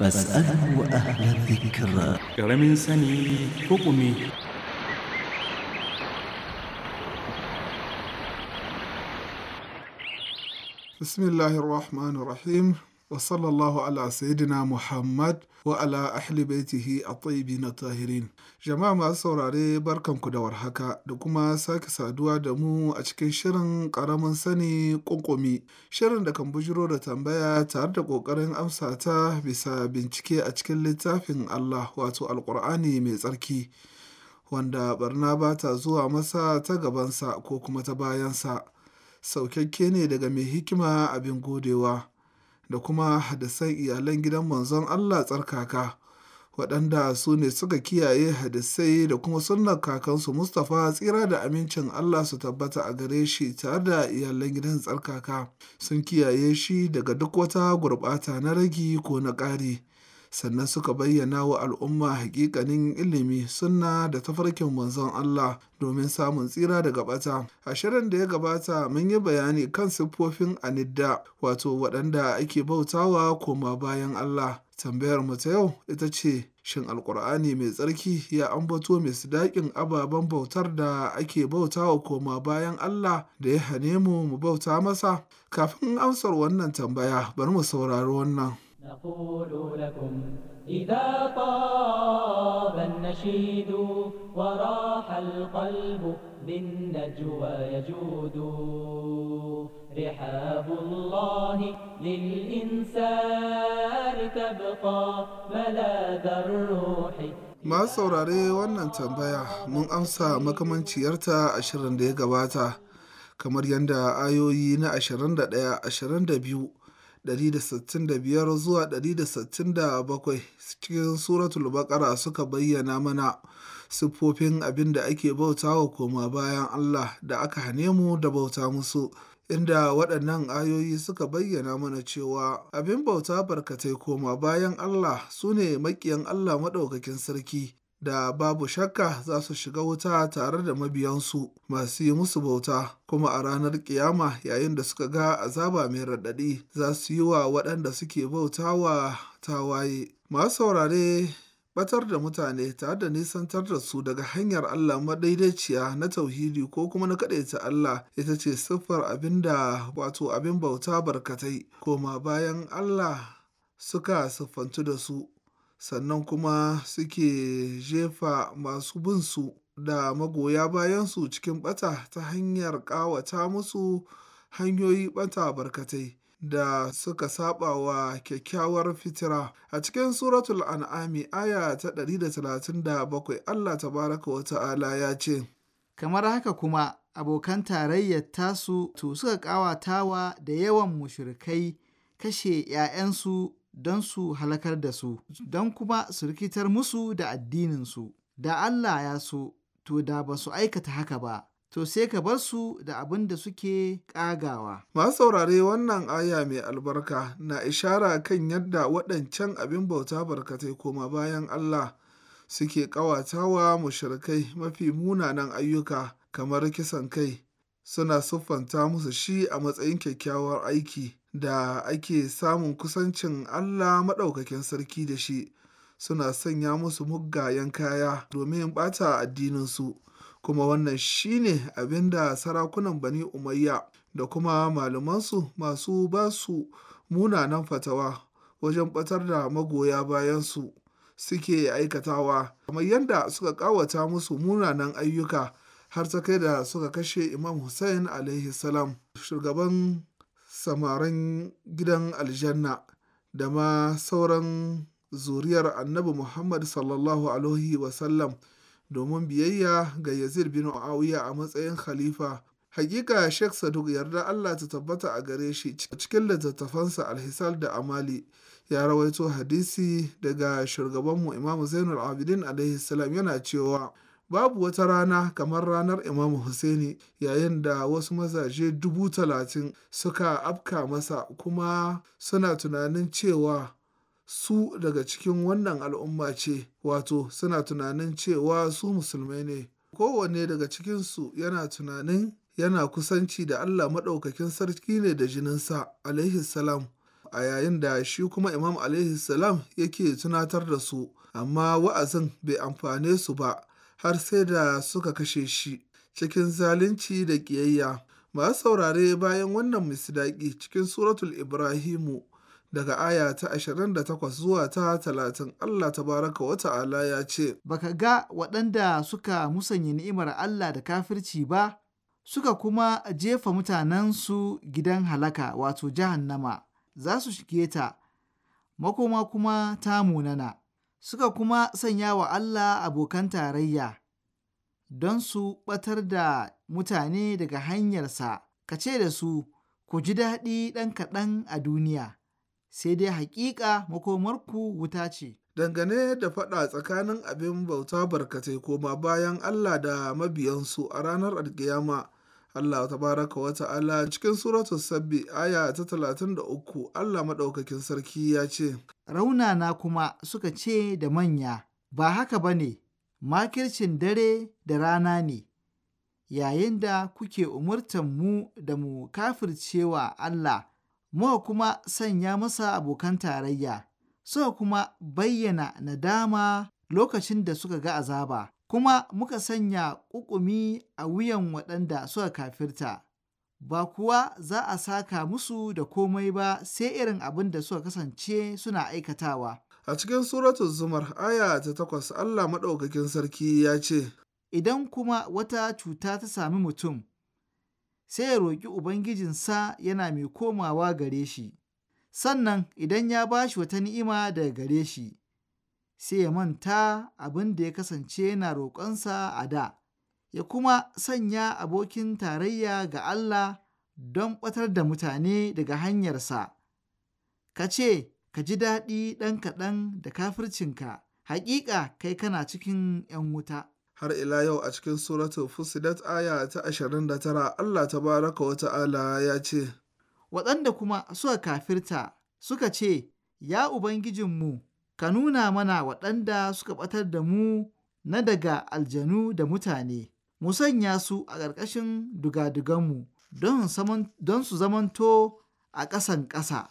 فاسأله أهل الذكر كرم سني حكمي بسم الله الرحمن الرحيم wa sallallahu ala sayyidina Muhammad wa ala ahli baitihi at-tayyibin tahirin jama'a masu saurare barkanku da warhaka da kuma sake saduwa da mu a cikin shirin karamin sani kunkumi shirin da kan bujiro da tambaya tare da kokarin amsa ta bisa bincike a cikin littafin Allah wato alkur'ani mai tsarki wanda barna ba ta zuwa masa ta gabansa ko kuma ta bayansa saukakke ne daga mai hikima abin godewa da kuma hadisan iyalan gidan manzon Allah tsarkaka waɗanda su ne suka kiyaye hadisai da kuma sunan kakansu Mustapha tsira da amincin Allah su tabbata a gare shi tare da iyalan gidan tsarkaka sun kiyaye shi daga duk wata gurɓata na ragi ko na ƙari sannan suka bayyana wa al'umma hakikanin ilimi sunna da tafarkin manzon Allah domin samun tsira daga bata a shirin da ya gabata mun yi bayani kan siffofin anidda wato waɗanda ake bautawa koma bayan Allah tambayar mu ta yau ita ce shin alkur'ani mai tsarki ya ambato mai sidaƙin ababen bautar da ake bautawa koma bayan Allah da ya hane mu mu bauta masa kafin amsar wannan tambaya bari mu saurari wannan نقول لكم إذا طاب النشيد وراح القلب بالنجوى يجود رحاب الله للإنسان تبقى ملاذ الروح Ma saurare wannan tambaya mun amsa makamanciyarta ashirin da ya gabata, kamar yadda ayoyi na 21, 22 165 zuwa 167 cikin suratul baƙara suka bayyana mana siffofin abin da ake bauta wa koma bayan Allah da aka hane mu da bauta musu. inda waɗannan ayoyi suka bayyana mana cewa abin bauta barkatai koma bayan Allah su ne maƙiyan Allah maɗaukakin sarki da babu shakka za su shiga wuta tare da mabiyansu masu yi musu bauta kuma a ranar kiyama yayin da suka ga azaba mai raɗaɗi za su yi wa waɗanda suke bautawa tawaye masu saurare batar da mutane tare da nisantar da su daga hanyar Allah madaidaiciya na tauhidi ko kuma na kaɗaita Allah ita ce siffar abin da wato abin bauta barkatai koma bayan Allah suka siffantu da su sannan kuma suke jefa masu binsu da magoya bayansu cikin ɓata ta hanyar ƙawata musu hanyoyi ɓata barkatai da suka saba wa kyakkyawar fitira a cikin suratul an'ami aya ta 137 Allah tabaraka wa ta'ala ya ce kamar haka kuma abokan tarayyar tasu to suka ƙawatawa da yawan mushrikai kashe ‘ya'yansu don su halakar da su, don kuma su rikitar musu da addininsu. Da Allah ya so, to da ba su aikata haka ba, to sai ka bar su da abin da suke ƙagawa. Masu saurare wannan aya mai albarka na ishara kan yadda waɗancan abin bauta barkatai koma bayan Allah suke ƙawatawa mushrikai mafi munanan ayyuka kamar kisan kai, suna siffanta musu shi a matsayin kyakkyawar aiki. da ake samun kusancin Allah Maɗaukakin Sarki da shi, suna sanya musu muggayen kaya domin ɓata addininsu, kuma wannan shi ne abin da sarakunan Bani Umayya da kuma malamansu masu ba su munanan fatawa wajen ɓatar da magoya bayansu suke aikatawa, kamar yadda suka ƙawata musu munanan ayyuka har ta kai da suka kashe Imam Hussein alaihi salam, shugaban samarin gidan aljanna da ma sauran zuriyar annabi Muhammad sallallahu Alaihi wasallam domin biyayya ga Yazid bin awiya a matsayin khalifa. Hakika Sheikh Saduk yarda Allah ta tabbata a gare shi cikin littattafansa alhisal da amali ya rawaito hadisi daga shugabanmu Imam Zainul Abidin alaihi salam yana cewa Babu wata rana kamar ranar Imam Hussaini yayin da wasu mazaje dubu talatin suka afka masa kuma suna tunanin cewa su daga cikin wannan al'umma ce, wato suna tunanin cewa su musulmai ne. Kowanne daga cikinsu yana tunanin yana kusanci da Allah Maɗaukakin Sarki ne da jininsa, alaihi salam, a yayin da shi kuma Imam alaihi salam yake tunatar da su, amma wa'azin bai amfane su ba. har sai da suka kashe shi cikin zalunci da ƙiyayya. Masu saurare bayan wannan misdaƙi cikin suratul Ibrahimu daga aya ta 28 zuwa ta 30 Allah tabaraka wa ta'ala ya ce, Baka ga waɗanda suka musanya ni'imar Allah da kafirci ba, suka kuma jefa mutanensu gidan halaka wato jahannama za su shige ta, makoma kuma ta munana. suka kuma sanya wa Allah abokan tarayya don su ɓatar da mutane daga hanyarsa, ka ce da su, ku ji daɗi ɗan kaɗan a duniya, sai dai haƙiƙa makomarku wuta ce. Dangane da faɗa tsakanin abin bauta barkatai koma bayan Allah da mabiyansu a ranar alkiyama Allah baraka wa ta'ala cikin suratu sabbi aya ta talatin da uku Allah maɗaukakin sarki ya ce. Raunana kuma suka ce da manya, ba haka ba ne, makircin dare da rana ne, yayin da kuke umurtan mu da mu kafircewa Allah, muka kuma sanya masa abokan tarayya, suka kuma bayyana nadama lokacin da suka ga azaba. kuma muka sanya ƙuƙumi a wuyan waɗanda suka kafirta, ba kuwa za a saka musu da komai ba sai irin abin da suka kasance suna aikatawa. A cikin suratu zumar aya ta takwas Allah maɗaukakin sarki ya ce, Idan kuma wata cuta ta sami mutum, sai ya roƙi Ubangijinsa yana mai komawa gare shi, sannan idan ya ba shi wata ni'ima daga gare shi, sai ya manta abin da ya kasance yana roƙonsa a da, ya kuma sanya abokin tarayya ga Allah don ɓatar da mutane daga hanyarsa. Ka ce, ka ji daɗi ɗan kaɗan da kafircinka, haƙiƙa kai kana cikin ‘yan wuta. Har ila yau a cikin suratul Fusilat aya ta ashirin da tara Allah ta baraka wa ta'ala ya ce, Waɗanda kuma suka kafirta suka ce, Ya Ubangijinmu, ka nuna mana waɗanda suka ɓatar da mu na daga aljanu da mutane, mu sanya su a ƙarƙashin mu don su zamanto a ƙasan ƙasa.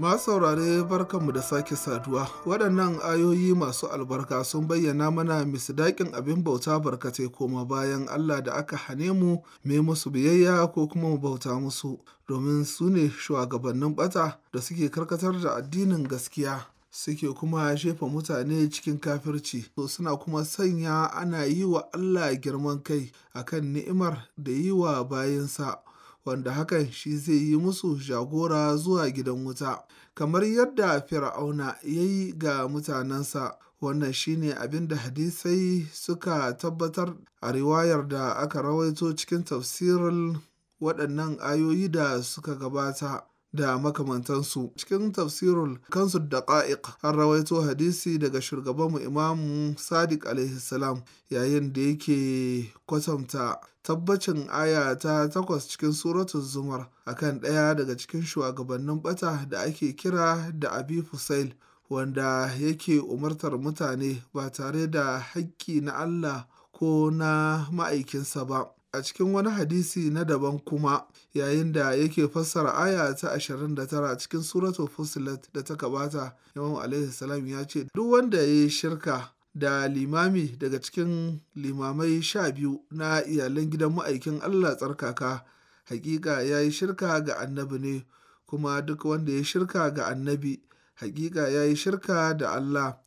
Masu saurare barkanmu da sake saduwa, waɗannan ayoyi masu albarka sun bayyana mana misdaƙin abin bauta barkatai koma bayan Allah da aka hane mu mai musu biyayya ko kuma mu bauta musu, domin su ne shugabannin bata da suke karkatar da addinin gaskiya. Suke kuma shefa mutane cikin kafirci, to suna kuma sanya ana yi wa Allah girman kai akan ni'imar da yi wa bayansa. wanda hakan shi zai yi musu jagora zuwa gidan wuta kamar yadda fir'auna ya yi ga mutanensa wannan shine abin da hadisai suka tabbatar a riwayar da aka rawaito cikin tafsirin waɗannan ayoyi da suka gabata da makamantansu cikin tafsirul kansu da ƙa’iƙ an rawaito hadisi daga shugabanmu imamu sadiq alaihissalam yayin da yake kwatanta tabbacin aya ta takwas cikin suratun zumar akan ɗaya daga cikin shugabannin bata da ake kira da abi fusail wanda yake umartar mutane ba tare da haƙƙi na allah ko na ma'aikinsa ba a cikin wani hadisi na daban kuma yayin da yake fassara aya ta 29 cikin suratul fusilat da ta gabata imam alaihi salam ya ce duk wanda ya yi shirka da limami daga cikin limamai sha biyu na iyalan gidan ma'aikin allah tsarkaka hakika ya yi shirka ga annabi ne kuma duk wanda ya shirka ga annabi hakika ya yi shirka da allah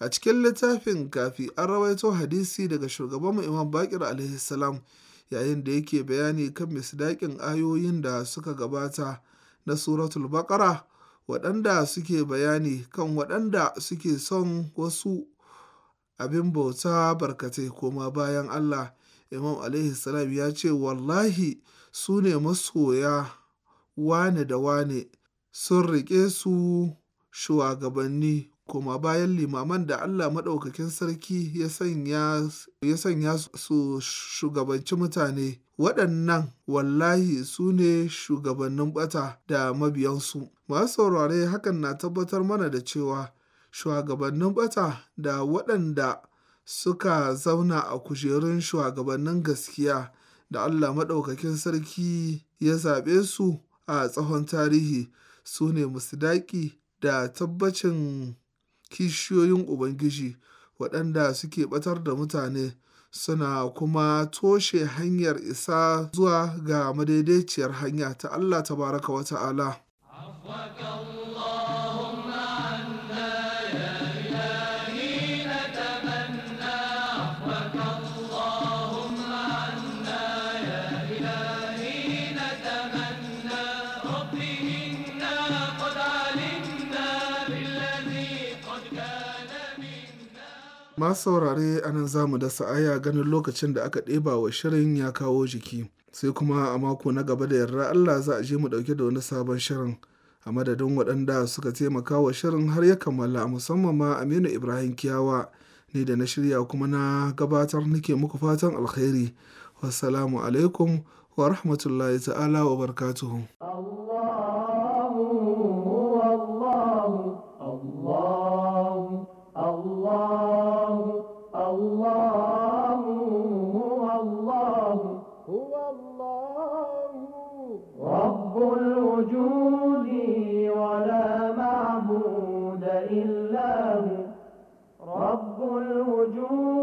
a cikin littafin kafi an rawaito hadisi daga shugabanmu imam bakir alaihi salam yayin da yake bayani kan misdaƙin ayoyin da suka gabata na suratul baƙara waɗanda suke bayani kan waɗanda suke son wasu abin bauta barkatai koma bayan Allah imam alaihi salam ya ce wallahi su ne masoya wane da wane sun riƙe su shugabanni koma bayan limaman da Allah Maɗaukakin Sarki ya sanya su shugabanci mutane, waɗannan wallahi su ne shugabannin ɓata da mabiyansu. Masu saurare hakan na tabbatar mana da cewa shugabannin ɓata da waɗanda suka zauna a kujerun shugabannin gaskiya da Allah Maɗaukakin Sarki ya zaɓe su a tsawon tarihi su ne musdaƙi da tabbacin kishiyoyin Ubangiji waɗanda suke ɓatar da mutane suna kuma toshe hanyar isa zuwa ga madaidaiciyar hanya ta Allah tabaraka wata ta'ala. Masu saurare a nan za mu dasa aya ganin lokacin da aka ɗeba wa shirin ya kawo jiki. Sai kuma a mako na gaba da yarda Allah za a je mu ɗauki da wani sabon shirin. A madadin waɗanda suka taimaka wa shirin har ya kammala musamman ma Aminu Ibrahim Kiyawa ne da na shirya kuma na gabatar nake muku fatan alkhairi. Wassalamu alaikum wa rahmatullahi ta'ala wa barkatuhu. رب الوجود ولا معبود إلا هو رب الوجود